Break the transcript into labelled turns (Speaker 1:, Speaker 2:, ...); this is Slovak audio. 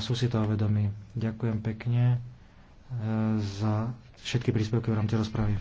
Speaker 1: sú si toho vedomí. Ďakujem pekne e, za všetky príspevky v rámci rozpravy.